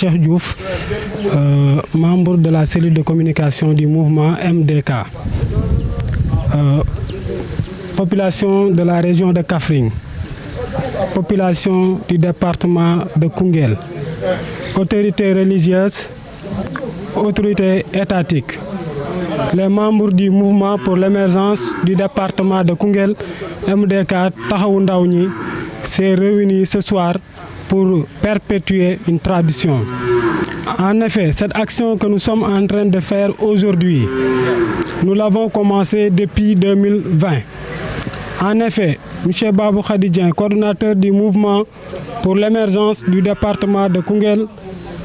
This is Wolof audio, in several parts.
Cheikh Diouf, euh, membre de la cellule de communication du mouvement MDK. Euh, population de la région de Kafring, population du département de Kungel, autorité religieuse, autorité étatique. les membres du mouvement pour l'émergence du département de Kungel, MDK Tahaoundaouni, s'est réuni ce soir pour perpétuer une tradition. En effet, cette action que nous sommes en train de faire aujourd'hui, nous l'avons commencée depuis 2020. En effet, M. Babou Khadidjian, coordinateur du mouvement pour l'émergence du département de Kungel,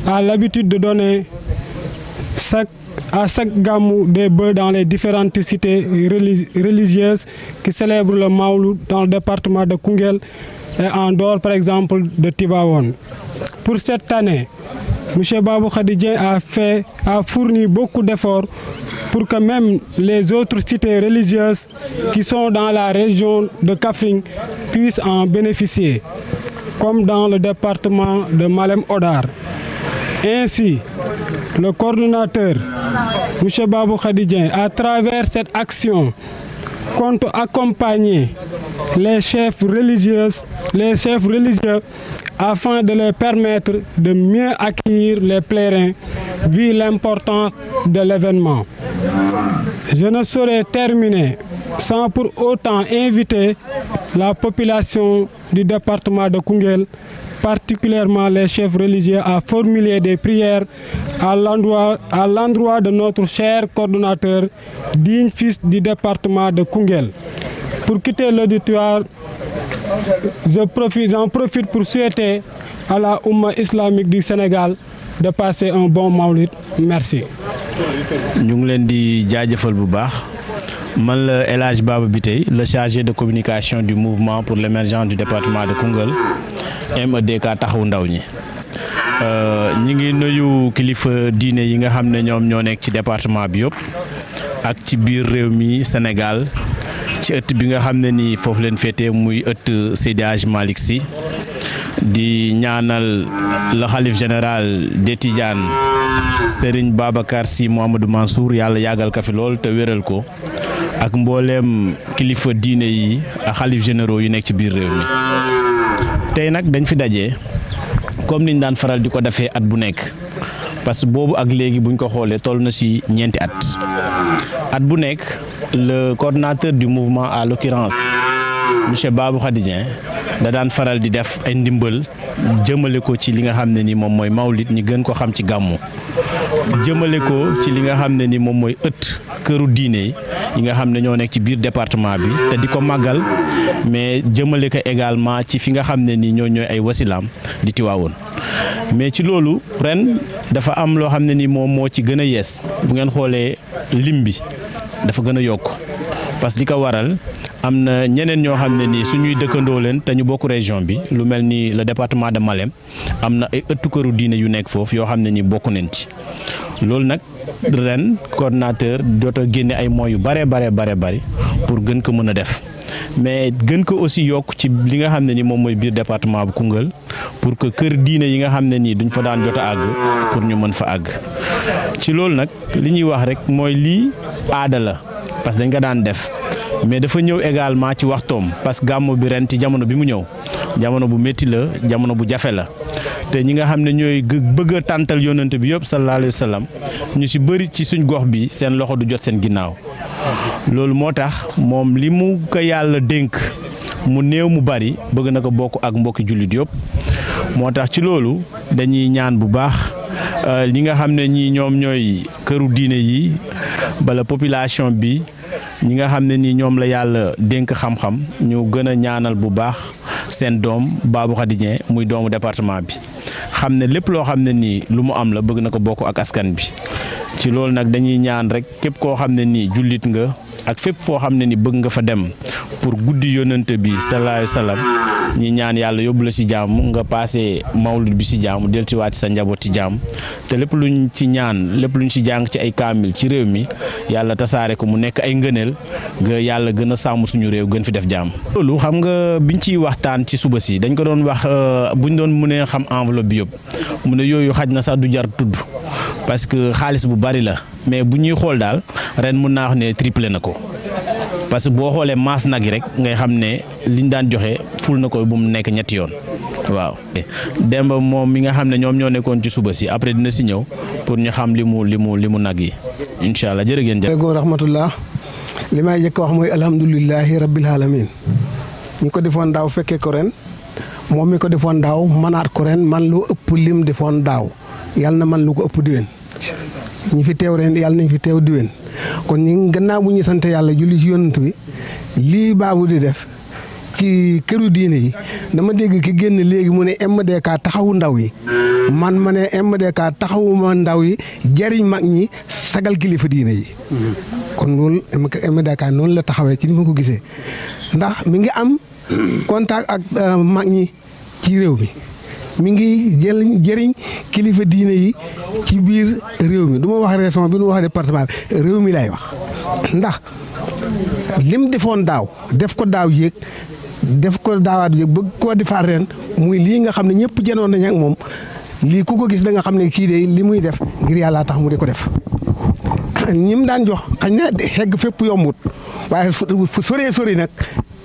a l'habitude de donner à chaque gamou des bœufs dans les différentes cités religieuses qui célèbrent le Maoulou dans le département de Kungel et euh, en dehors, par exemple, de Tibawon. Pour cette année, M. Babou Khadidje a, a fourni beaucoup d'efforts pour que même les autres cités religieuses qui sont dans la région de Kafring puissent en bénéficier, comme dans le département de Malem Odar. Ainsi, le coordinateur M. Babou Khadidje, à travers cette action, compte accompagner les chefs religieux, les chefs religieux afin de leur permettre de mieux accueillir les pèlerins vu l'importance de l'événement. Je ne saurais terminer sans pour autant inviter la population du département de Kungel, particulièrement les chefs religieux, a formulé des prières à l'endroit de notre cher coordonnateur, digne fils du département de Kungel. Pour quitter l'auditoire, j'en profite, profite pour souhaiter à la Oumma islamique du Sénégal de passer un bon maulid. Merci. man la El Hadj bi tey le chargé de communication du mouvement pour l'émergence du département de Koungheul MEDK taxawu ndaw ñi euh, ñi ngi nuyu kilifa diine yi nga xam ne ñoom ñoo nekk ci département bi yëpp ak ci biir réew mi Sénégal ci ëtt bi nga xam ne nii foofu leen féete muy ëtt Seydi Hadj si di ñaanal le xalif général des Tidianes Serigne Babacar Sy Mouhamadou Mansour yàlla yàggal ka fi lool te wéral ko ak mbooleem kilifa diine yi ak xalif généraux yu nekk ci biir réew mi tey nag dañ fi daje comme niñ daan faral di ko defee at bu nekk parce que boobu ak léegi buñ ko xoolee toll na si ñeenti at at bu nekk le coordonnateur du mouvement à l'occurrence monsieur Babou Khadidien da daan faral di def ay ndimbal jëmale ko ci li nga xam ne ni moom mooy mawlit ñi gën ko xam ci gàmmu jëmale ko ci li nga xam ne ni moom mooy ëtt këru diine yi yi nga xam ne ñoo nekk ci biir département bi te di ko màggal mais jëmale ko également ci fi nga xam ne nii ñoo ñooy ay wasilaam di Tiwaawoon mais ci loolu ren dafa am loo xam ne ni moom moo ci gën a yees bu ngeen xoolee lim bi dafa gën a yokk parce que di ko waral am na ñeneen ñoo xam ne nii ñuy dëkkandoo leen te ñu bokk région bi lu mel ni le département de Malem am na ay ëttu këru diine yu nekk foofu yoo xam ne nii bokk nañ ci loolu nag ren coordonnateur a génne ay moyens yu bare bare bare bari pour gën ko mën a def mais gën ko aussi yokk ci li nga xam ne ni moom mooy biir département bu Koungheul pour que kër diine yi nga xam ne nii duñ fa daan jot a àgg pour ñu mën fa àgg ci loolu nag li ñuy wax rek mooy li aada la parce que dañ ko daan def mais dafa ñëw également ci waxtoom parce que gàmmu bi ren ci jamono bi mu ñëw jamono bu métti la jamono bu jafe la te ñi nga xam ne ñooy bëgg a tàntal yonent bi yëpp sallallahu alayhi wa sallam ñu si bëri ci suñ gox bi seen loxo du jot seen ginnaaw loolu moo tax moom li mu ko yàlla dénk mu néew mu bari bëgg na ko bokk ak mbokki jullit yëpp moo tax ci loolu dañuy ñaan bu baax euh, ñi nga xam ne ñii ñoom ñooy këru diine yi bala population bi ñi nga xam ne nii ñoom la yàlla dénk xam-xam ñu gën a ñaanal bu baax seen doom Babou Khady muy doomu département bi xam ne lépp loo xam ne nii lu mu am la bëgg na ko bokk ak askan bi ci loolu nag dañuy ñaan rek képp koo xam ne nii jullit nga ak fépp foo xam ne ni bëgg nga fa dem pour guddi yonent bi salaayu salaam ñi ñaan yàlla yóbbu la si jàmm nga passé mawlud bi si jàmm dellusiwaat sa njaboot si jàmm te lépp luñ ci ñaan lépp luñ si jàng ci ay kaamil ci réew mi yàlla tasaare ko mu nekk ay ngëneel nga yàlla gën a sàmm suñu réew gën fi def jàmm. loolu xam nga biñ ciy waxtaan ci suba si dañ ko doon wax euh, buñ doon mënee xam enveloppe yëpp mu ne yooyu xaj na sax du jar tudd parce que xaalis bu bari la mais bu ñuy xool daal ren mun naa wax ne triplé na ko. parce que boo xoolee maas nag yi rek ngay xam ne li ñu daan joxe ful na ko bu mu nekk ñetti yoon waaw. Demba moom mi nga xam ne ñoom ñoo nekkoon ci suba si après dina si ñëw pour ñu xam li mu li mu li mu nag yi incha allah jërë ngeen jëf. aleykum rahmatullah li may njëkk wax mooy alhamdulilahi rabbil alamin ñu ko defoon daaw fekkee ko ren moom mi ko defoon daaw manaat ko ren man lu ëpp lim defoon daaw yàlla na man lu ko ëpp diwén ñi fi teew ren yàlla nañ fi teew diwén kon ñu gannaaw bu ñu sant yàlla julli ci yonent bi lii baabu di def ci këru diina yi dama dégg ki génn léegi mu ne MDK taxawu ndaw yi man ma ne MDK taxawuma ndaw yi jariñ mag ñi sagal kilifa diine yi kon loolu MDK noonu la taxawee ci ni ma ko gisee ndax mi ngi am contact ak euh, mag ñi ci réew mi mi ngi jël jëriñ kilifa diine yi ci biir réew mi du ma wax région bi nu ma wax département réew mi lay wax ndax lim defoon daaw def ko daaw yéeg def ko daawaat yéeg bëgg koo defaat ren muy lii nga xam ne ñëpp jënoon nañ ak moom lii ku ko gis da nga xam ne kii de li muy def ngir yàlla tax mu di ko def ñim daan jox xañ na xegg fépp yombut waaye fu soree sori nag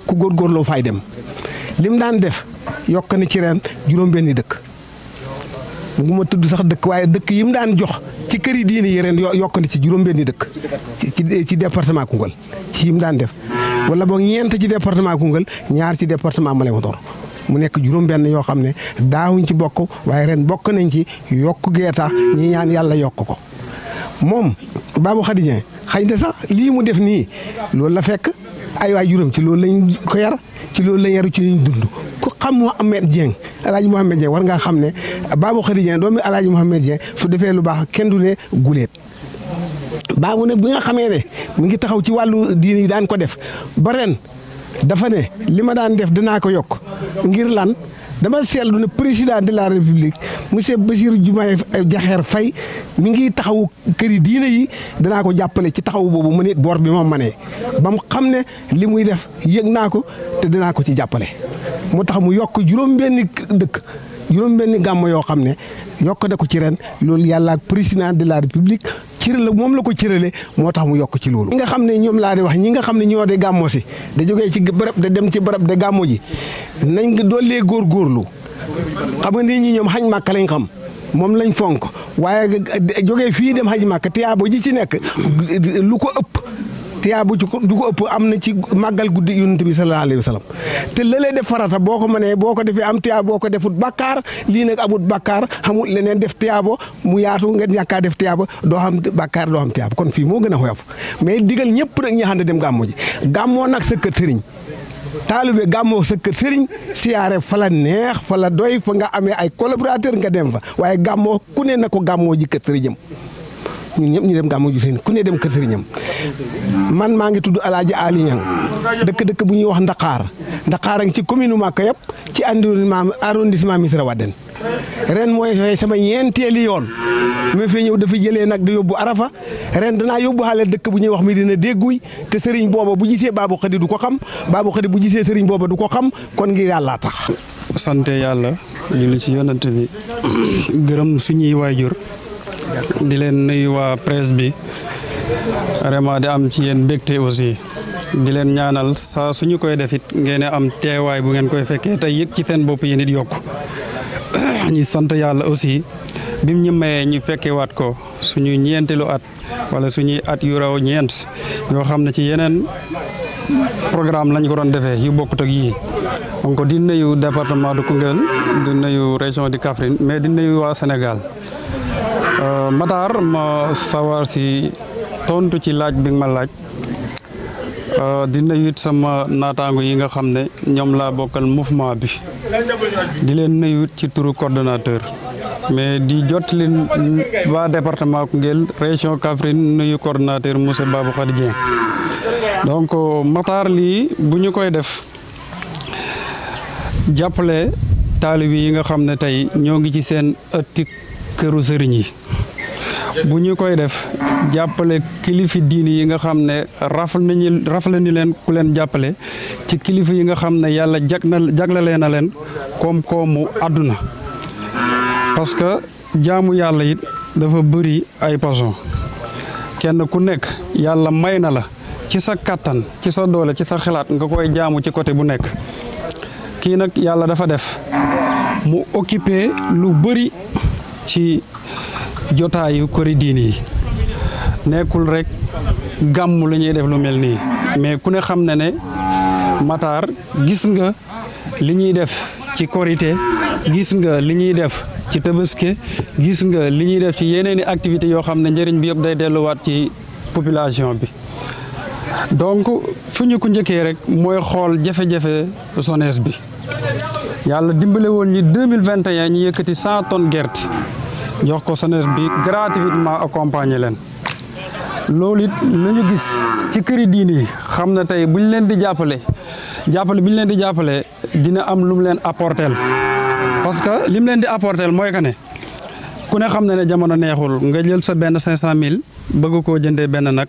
ku góor góorgóorloo fay dem lim daan def. yokk na ci ren juróom-benni dëkk bu ma tudd sax dëkk waaye dëkk yi mu daan jox ci kër yi diine yi yokk na ci juróom-benni dëkk ci ci département Koungheul ci yi mu daan def wala boog ñeent ci département Koungheul ñaar ci département Maleekotor mu nekk juróom-benn yoo xam ne daawuñ ci bokk waaye ren bokk nañ ci yokk geeta ñi ñaan yàlla yokk ko moom Babou Khady Dieng xëy na sax lii mu def nii loolu la fekk ay waajuram ci loolu lañ ko yar ci loolu lañ yar ci lañ dund ku xam Mouhamed Dieng mu Mouhamed Dieng war ngaa xam ne Babou Khady Dieng doomi alaaji Mouhamed Dieng su defee lu baax kenn du ne guleet baabu ne bi nga xamee ne mu ngi taxaw ci wàllu diine yi daan ko def ba ren dafa ne li ma daan def dinaa ko yokk ngir lan dama seetlu ne président de la république monsieur Bassirou Diomaye Diakhar fay mu ngi taxawu këri diine yi danaa ko jàppale ci taxawu boobu mu nit boor bi ma ne ba mu xam ne li muy def yëg naa ko te dinaa ko ci jàppale moo tax mu yokk juróom-benni dëkk juróom-benni gàmm yoo xam ne yokk na ko ci ren loolu yàlla ak président de la république cër la moom la ko cërale moo tax mu yokk ci loolu. ñi nga xam ne ñoom laa de wax ñi nga xam ne ñoo de gàmmo si da jógee ci barab da dem ci barab de gàmmo ji nañ góor góorgóorlu xam nga nit ñi ñoom xañ màkk lañ xam. moom lañ fonk waaye jógee fii dem xaj màkk bo ji ci nekk lu ko ëpp tiyaabu ci du ko ëpp am na ci màggal guddi yonent bi sallallahu alayhi wa sallam te lëlee def farata boo ko mënee boo ko defee am tiyaa boo ko defut bakkaar lii nag amut bakkaar xamul leneen def tiyaabo mu yaatu nga ñàkk def tiyaabo doo xam bakkaar doo xam tiyaabo kon fii moo gën a xoyof mais digal ñëpp nag ñi xam ne dem gàmmo ji gàmmoo nag sa kër sëriñ taalibe gàmmoo sa kër sëriñ siyaare fa la neex fa doy fa nga amee ay collaborateur nga dem fa waaye gàmmoo ku ne na ko gàmmoo ji kër sëriñam ñun ñëpp ñu dem gàmmu ji seen ku ne dem kër sëriñam man maa ngi tudd alaaji Ali dëkk dëkk bu ñuy wax ndaxaar Ndakaar a ngi ci commune Maka yëpp ci arrondissement arrondissement waa Wadène ren mooy fay sama ñeenteeli yoon ma fi ñëw dafa jëlee nag di yóbbu Arafa ren danaa yóbbu xale dëkk bu ñuy wax mi dina dégguy te sëriñ booba bu gisee Babou Khady du ko xam Babou Khady bu jisee sëriñ booba du ko xam kon ngir yàllaa tax. sante yàlla julli ci yonent bi gërëm suñuy waajur di leen nuyu waa presse bi vraiment di am ci yéen mbégte aussi di leen ñaanal saa suñu koy defit ngeen am teewaay bu ngeen koy fekkee tey yit ci seen bopp yéen it yokku ñu sant yàlla aussi bim ñu mayee ñu fekkewaat ko suñu ñeentelu at wala suñuy at yu raw ñeent yoo xam ne ci yeneen programme lañ ko doon defee yu bokkut ak yii donc di nuyu département de Koungheul di nuyu région de Kaffrine mais di nuyu waa Sénégal Euh, Matar ma sawar si tontu ci laaj bi ma laaj euh, di nuyu sama naataango yi nga xam ne ñoom laa bokkal mouvement bi di leen nuyu ci turu cordinateur mais di jot leen waa département Koungheul région Kaffrine nuyu coordonnateur monsieur Babou Khady Dieng donc Matar lii bu ñu koy def jàppale taalibe yi nga xam ne tey ñoo ngi ci seen ëtti këru sëriñ yi bu ñu koy def jàppale kilifi diini yi nga xam ne rafal ni leen ku leen jàppale ci kilifa yi nga xam ne yàlla jag na leen koom-koomu àdduna parce que jaamu yàlla yit dafa bari ay pason kenn ku nekk yàlla may na la ci sa kàttan ci sa doole ci sa xalaat nga koy jaamu ci côté bu nekk kii nag yàlla dafa def mu occupé lu bëri ci jotaayu kori diine yi nekkul rek gàmmu la ñuy def lu mel nii mais ku ne xam na ne Matar gis nga li ñuy def ci korité gis nga li ñuy def ci tabaski gis nga li ñuy def ci yeneen i activités yoo xam ne njëriñ bi yëpp day delluwaat ci population bi donc fu ñu ko njëkkee rek mooy xool jafe-jafe jeunesse bi yàlla dimbale woon ñi 2021 ñu yëkkati 100 tonnes gerte jox ko jeunesse bi gratuitement accompagner leen loolu it la gis ci këri diini yi xam na tey bu ñu leen di jàppale jàppale bu ñu leen di jàppale dina am lu mu leen apporteel parce que li mu leen di apporteel mooy que ne ku ne xam na ne jamono neexul nga jël sa benn cinq cent mille bëgg koo jëndee benn nag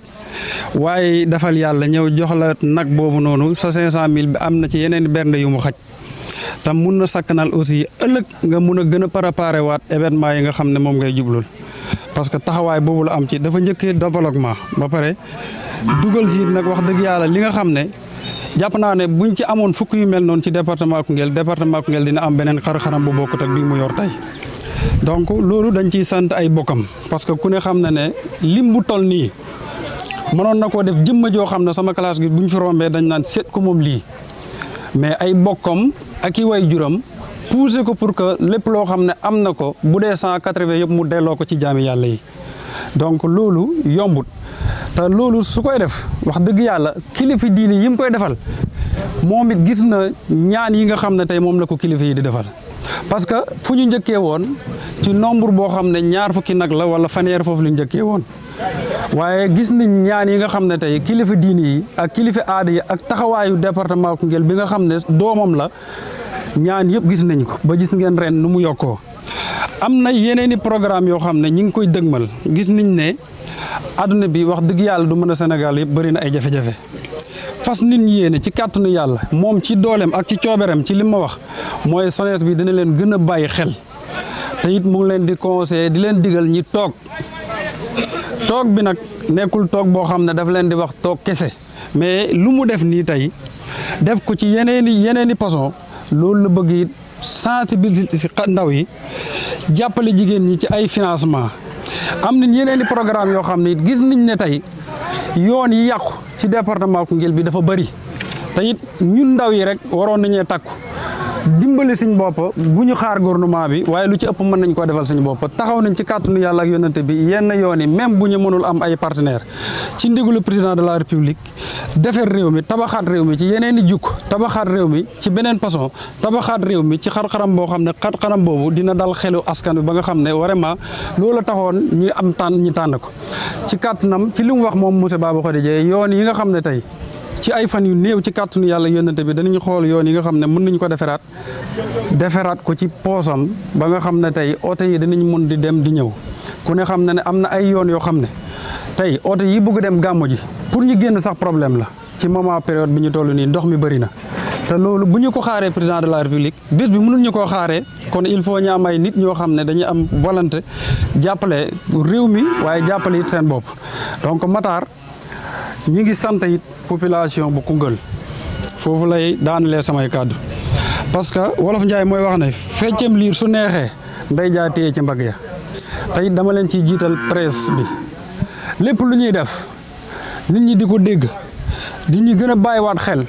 waaye dafal yàlla ñëw jox la nag boobu noonu sa cinq cent mille bi am na ci yeneen bernde yu mu xaj tam mun na sakkanal aussi ëllëg nga mun a gën a préparer waat événement yi nga xam ne moom ngay jublul parce que taxawaay boobu la am ci dafa njëkkee développement ba pare dugal si nag wax dëgg yàlla li nga xam ne jàpp naa ne buñ ci amoon fukk yu mel noonu ci département Koungheul département Koungheul dina am beneen xar-xaram bu bokkut ak bii mu yor tey donc loolu dañ ciy sant ay bokkam parce que ku ne xam na ne lim bu toll nii mënoon na koo def jëmma joo xam ne sama classe gi buñ fi rombee dañ naan seet ko moom lii mais ay bokkam ak i way juróom poussé ko pour que lépp loo xam ne am na ko bu dee cent quatre-vingts yëpp mu delloo ko ci jaami yàlla yi donc loolu yombut te loolu su koy def wax dëgg yàlla kilifa diini yi mu koy defal moom it gis na ñaan yi nga xam ne tey moom la ko kilifa yi di defal parce que fu ñu njëkkee woon ci nombre boo xam ne ñaar fukki nag la wala faneer foofu lañu njëkkee woon waaye gis nañ ñaan yi nga xam ne tey kilifa diini yi ak kilifa aada yi ak taxawaayu département Koungheul bi nga xam ne doomam la ñaan yëpp gis nañ ko ba gis ngeen ren nu mu yokkoo am na yeneeni programme yoo xam ne ñi ngi koy dëgmal gis nañ ne àdduna bi wax dëgg yàlla du mën a Sénégal yëpp bëri na ay jafe-jafe fas nit ñi yéene ci kàttanu yàlla moom ci dooleem ak ci coobereem ci li ma wax mooy SONES bi dina leen gën a bàyyi xel te it mu ngi leen di conseiller di leen digal ñi toog toog bi nag nekkul toog boo xam ne daf leen di wax toog kese mais lu mu def nii tey def ko ci yeneeni yeneeni façon loolu la bëgg it sensibiliser si ndaw yi jàppale jigéen ñi ci ay financement am nañ yeneeni programme yoo xam ne it gis niñ ne tey yoon yi yàqu ci département Koungheul bi dafa bëri te it ñun ndaw yi rek waroon nañee takku. dimbali suñ bopp bu ñu xaar gouvernement bi waaye lu ci ëpp mën nañ koo defal suñu bopp taxaw nañ ci kàttanu yàlla ak yonante bi yenn yoon yi même bu ñu mënul am ay partenaire ci ndigalu président de la république defar réew mi tabaxaat réew mi ci yeneen i jukk tabaxaat réew mi ci beneen façon tabaxaat réew mi ci xar-xaram boo xam ne xar-xaram boobu dina dal xelu askan bi ba nga xam ne vraiment loolu taxoon ñu am tànn ñu tànn ko ci kàttanam ci lu mu wax moom monsieur Baba Khady Dièye yoon yi nga xam ne tey ci ay fan yu néew ci kàttanu yàlla yónnante bi danañu xool yoon yi nga xam ne mën nañu ko deferaat deferaat ko ci poosam ba nga xam ne tey oto yi danañu mën di dem di ñëw ku ne xam ne ne am na ay yoon yoo xam ne tey oto yi bëgg dem gàmmu ji pour ñu génn sax problème la ci moment période bi ñu toll nii ndox mi bëri na. te loolu bu ñu ko xaaree président de la république bés bi mënuñu koo xaaree kon il faut ñu am ay nit ñoo xam ne dañuy am volonté jàppale réew mi waaye jàppale it seen bopp population bu Koungheul foofu lay daanalee samay kàddu parce que wolof Njaay mooy wax ne feccam liir su neexee nday jaa téye ci mbagg ya tey dama leen ciy jiital presse bi lépp lu ñuy def nit ñi di ko dégg di ñu gën a bàyyiwaat xel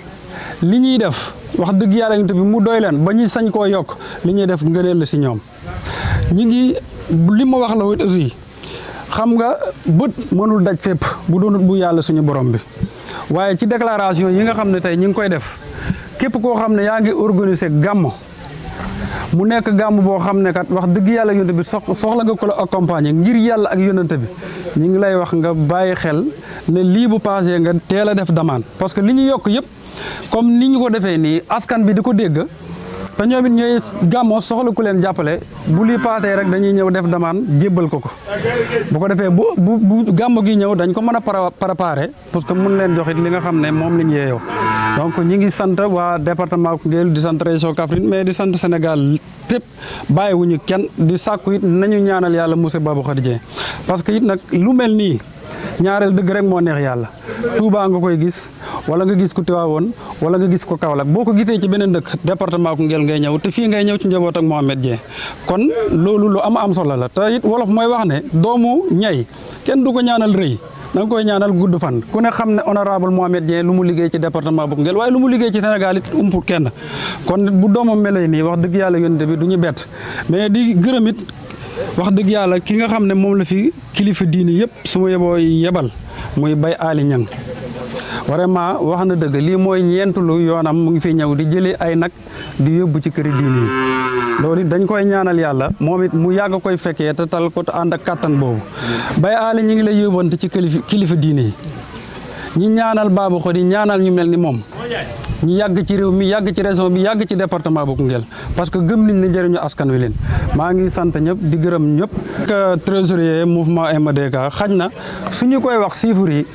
li ñuy def wax dëgg yàlla nit bi mu doy ba sañ li def si ñi ngi li wax la aussi xam nga mënul daj bu doonut bu suñu borom bi waaye ci déclaration yi nga xam ne tey ñu ngi koy def képp koo xam ne yaa ngi organiser gàmm mu nekk gàmm boo xam ne kat wax dëgg yàlla yonte bi soxla nga ko la accompagner ngir yàlla ak yonent bi ñu ngi lay wax nga bàyyi xel ne lii bu passé nga teel a def demande parce que li ñu yokk yëpp comme ni ñu ko defee nii askan bi di ko dégg. te ñoom it ñooy gàmmoo soxla ku leen jàppale bu lii paatee rek dañuy ñëw def demande jébbal ko ko bu ko defee bu bu bu gàmmo gi ñëw dañ ko mën a préparer parce que mun leen jox li nga xam ne moom lañ yeeyoo donc ñi ngi sant waa département Koungheul di sant région Kaffrine mais di sant senegal tépp bàyyiwuñu kenn di sàkku it nañu ñaanal yàlla monsieur Babou Khady Dieng parce que it nag lu mel nii ñaareel dëgg rek moo neex yàlla Touba nga koy gis wala nga gis ko woon wala nga gis ko Kaolack boo ko gisee ci beneen dëkk département Koungheul ngay ñëw te fii ngay ñëw ci njaboot ak Mohamed Dieng kon loolu lu am am solo la te it wolof mooy wax ne doomu ñay kenn du ko ñaanal rëy da nga koy ñaanal gudd fan ku ne xam ne honorable Mohamed Dieng lu mu liggéey ci département bu Koungheul waaye lu mu liggéey ci Sénégal it umpu kenn kon bu doomam melay nii wax dëgg yàlla yonent bi du ñu bett mais di gërëm wax dëgg yàlla ki nga xam ne moom la fi kilifa diini yëpp su ma yeboo yebal muy bay Aly Niang vraiment wax na dëgg lii mooy ñeentulu yoonam mu ngi fi ñëw di jëlee ay nag di yóbbu ci këri diine yi loolu it dañ koy ñaanal yàlla moom it mu yàgg koy fekkee te tal ko ànd ak kàttan boobu bay aale ñu ngi lay yóbbante ci kilifa diine yi ñi ñaanal baabu xodi ñaanal ñu mel ni moom ñu yàgg ci réew mi yàgg ci région bi yàgg ci département bu Koungheul parce que gëm nañ ne jariñu askan wi leen maa ngi sant ñëpp di gërëm ñëpp. trésorier mouvement MDK xaj na su ñu koy wax chiffres yi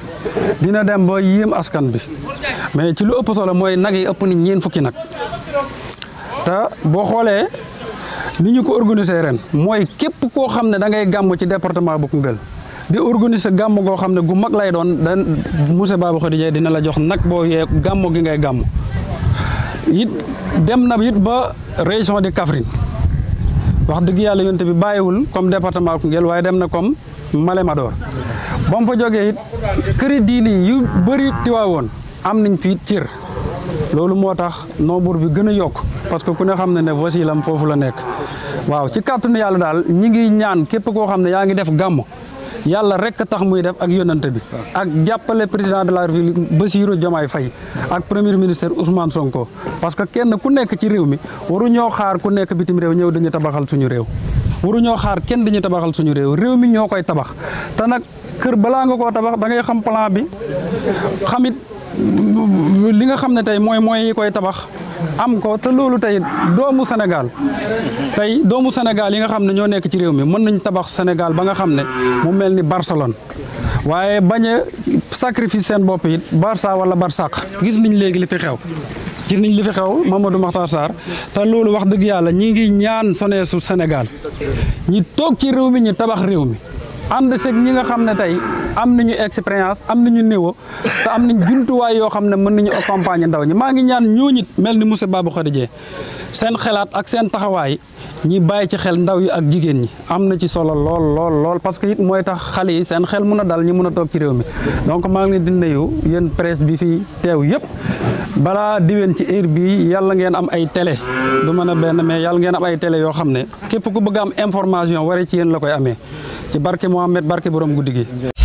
dina dem ba yéem askan bi mais ci lu ëpp solo mooy nag yi ëpp ni ñeen fukki nag te boo xoolee ni ñu ko organiser ren mooy képp koo xam ne da ngay gàmm ci département bu Koungheul. di organiser gàmm goo xam gu mag lay dan Moussa Babou Khadija dina la jox nak boo yee gàmm gi ngay gàmm it dem na it ba région de Kaffrine wax dëgg yàlla yonte bi bàyyiwul comme département Koungheul waaye dem na comme Malem Hodar ba mu fa jógee it këri diini yu bëri tiwaawoon am nañ fi cir loolu moo nombre bi gën a parce que ku ne xam ne ne wasilam foofu la nekk waaw ci kàttanu yàlla daal ñi ngi ñaan def yàlla rek tax muy def ak yónnante bi ak jàppale président de la république Bassirou Diomaye fay ak premier ministre Ousmane Sonko parce que kenn ku nekk ci réew mi waru ñoo xaar ku nekk bitim réew ñëw dañuy tabaxal suñu réew waru ñoo xaar kenn dañu tabaxal suñu réew réew mi ñoo koy tabax te nag kër balaa nga koo tabax da ngay xam plan bi xamit li nga xam ne tey mooy mooy yi koy tabax am ko te loolu tey doomu Sénégal tey doomu Sénégal yi nga xam ne ñoo nekk ci réew mi mën nañ tabax Sénégal ba nga xam ne mu mel ni Barcelone waaye bañ a sacrifice seen bopp it Barça wala Barsaq gis niñ léegi li fi xew ci niñ li fi xew Mamadou Makhtar Sarr te loolu wax dëgg yàlla ñi ngi ñaan soneesu Sénégal ñi toog ci réew mi ñi tabax réew mi ànd seeg ñi nga xam ne tey am nañu expérience am nañu niveau te am nañ jumtuwaay yoo xam ne mën nañu accompagner ndaw ñi maa ngi ñaan ñooñit mel ni monsieur Babou Khady Dieng seen xelaat ak seen taxawaay ñi bàyyi ci xel ndaw yi ak jigéen ñi am na ci solo lool lool lool parce que mooy tax xale yi seen xel mun a daal ñi mun a toog ci réew mi donc maa ngi leen di nuyu yéen presse bi fi teew yëpp balaa diwén ci heure bi yàlla ngeen am ay télé du mën a benn mais yàlla ngeen am ay télé yoo xam ne képp ku bëgg am information ware ci yéen la koy amee ci barke Mohamed barke boroom guddi gi